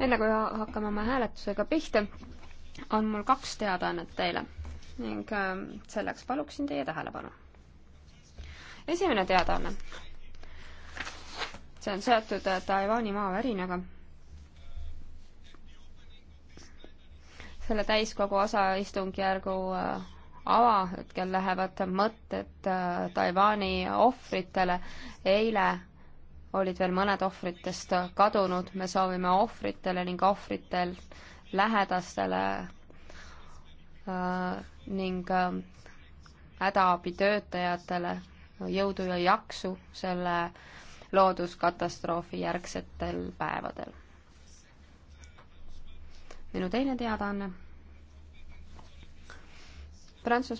enne kui hakkame oma hääletusega pihta, on mul kaks teadaannet teile ning ähm, selleks paluksin teie tähelepanu. esimene teadaanne. see on seotud äh, Taiwan'i maavärinaga. selle täiskogu osaistungjärgu äh, avahetkel lähevad mõtted äh, Taiwan'i ohvritele eile olid veel mõned ohvritest kadunud, me soovime ohvritele ning ohvritel lähedastele äh, ning äh, hädaabitöötajatele äh, jõudu ja jaksu selle looduskatastroofi järgsetel päevadel. minu teine teadaanne Prantsus-.